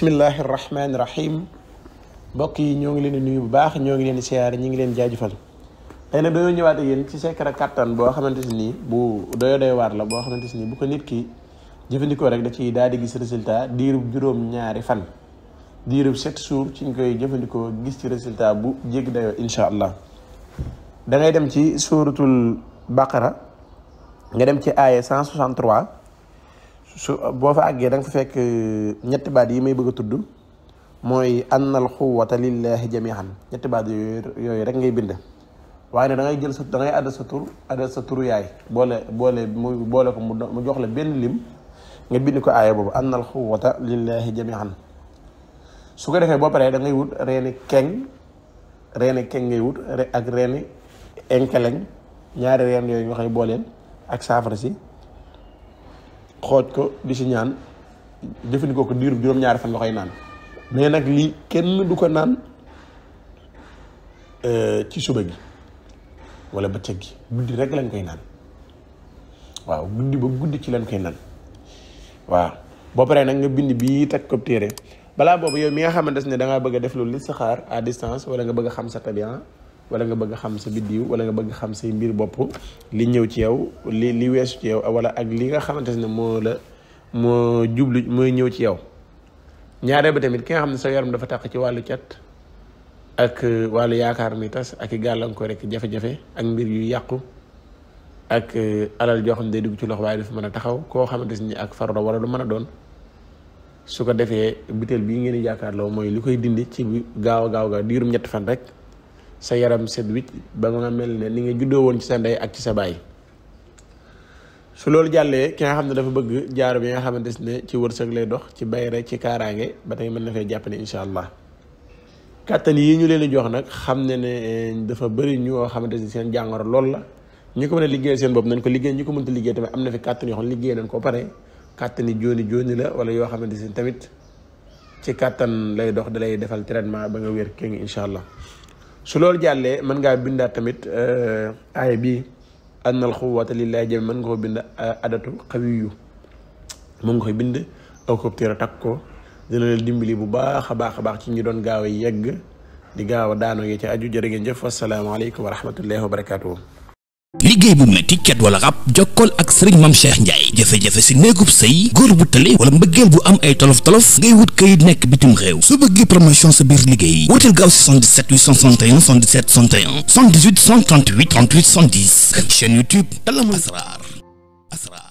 bismillahi rahmaani rahim mbokk yi ñoo ngi leen di nuyu bu baax ñoo ngi leen di siyaare ñi ngi leen jaajëfal tey nag dañoo ñëwaat ak yéen ci secret kattan boo xamante si nii bu doyo doy waar la boo xamante si nii bu ko nit ki jëfandikoo rek da ciy daal di gis résultat diirub juróom ñaari fan diirub sept jours ci ñu koy jëfandikoo gis ci résultat bu jéggi dayoo incha allah dangay dem ci suuratul baqara nga dem ci aaya 163 su boo fa àggee da nga fa fekk euh, ñetti baat yi may bëgg a tudd mooy annal xuwata lillahi jamihan ñetti baat yooyu yooyu rek ngay bind waaye dangay jël sa da ngay adda sa tur adda sa turu yaay boole boole mu boole ko jox la benn lim nga bind ko aaya boobu annal xuwata lillahi jamihan su ko defee boo paree da ngay wut reeni keng reeni keng ngay wut ak reeni enkeleñ ñaari reen yooyu nga booleen ak saafara si xooj ko di si ñaan jëfandikoo ko diiru juróom-ñaari fan la koy naan mais nag lii kenn du ko naan euh, ci suba gi wala bëccëg gi guddi rek lañ koy naan waaw guddi ba guddi ci lañ koy naan waaw boo paree nag nga bind bii teg ko téere balaa boobu yow mi nga xamante ne da ngaa bëgg a def li à distance wala nga bëgg a xam sa tabian wala nga bëgg xam sa biddiw wala nga bëgg xam say mbir bopp li ñëw ci yow li li weesu ci yow wala ak li nga xamante ne moo la moo jublu mooy ñëw ci yow ñaaree ba tamit ki nga xam ne sa yaram dafa taq ci wàllu cat ak uh, wàllu yaakaar mi tas ak i gàllankoor rek jafe-jafe ak mbir yu yàqu ak uh, alal joo xam ne dugg ci loxo waaye dafa mën a taxaw koo xamante ni ak farro wala lu mën a doon su ko defee butéel bii ngeen di jàkkaarloo mooy li koy dindi ci gaaw a gaaw gaaw diirum ñetti fan rek sa yaram set wicc ba nga mel ne ni nga juddoo woon ci sa ndey ak ci sa baay su loolu jàllee ki nga xam ne dafa bëgg jaaro bi nga xamante ne ci wërsëg lay dox ci bayre ci kaaraange ba tey mën na fee jàpp ne incha allah kàttan yi ñu leen di jox nag xam ne ne dafa bëri ñoo xamante ne seen jàngoro lool la ñi ko mën liggéey seen bopp nañ ko liggéey ñi ko mënta liggéey tamit am na fi kàttan yoo xam ne liggéey nañ ko pare kàttan yi jooni jooni la wala yoo xamante ne tamit ci kàttan lay dox da lay defal traitement ba nga wér kéng incha allah su loolu jàllee mën ngaa bindaat tamit euh, aaya bi anna al xuwata lillahi mën nga ko bind euh, adatu xawiyu moom nga koy bind aw ko téere takk ko dina leen dimbali bu baax a baax a baax ci ñu doon gaaw yegg di gaaw a daanoo yi ci aju jërë ngeen jëf wasalaamaaleykum wa rahmatullahi wa barakatuhu liggéey bu metti ket wala rab jokkol ak sëriñ mam cheikh ndiaye jafe-jafe si néegub sëy góor bu tële wala mbëggeel bu am ay tolof-tolof ngay wut këyit nekk bitim réew soo bëggee promotion sa biir liggéey wuteel gaaw 77 861 77 61 78 138 38 110 chaîne youtube Salam Asrar Asrar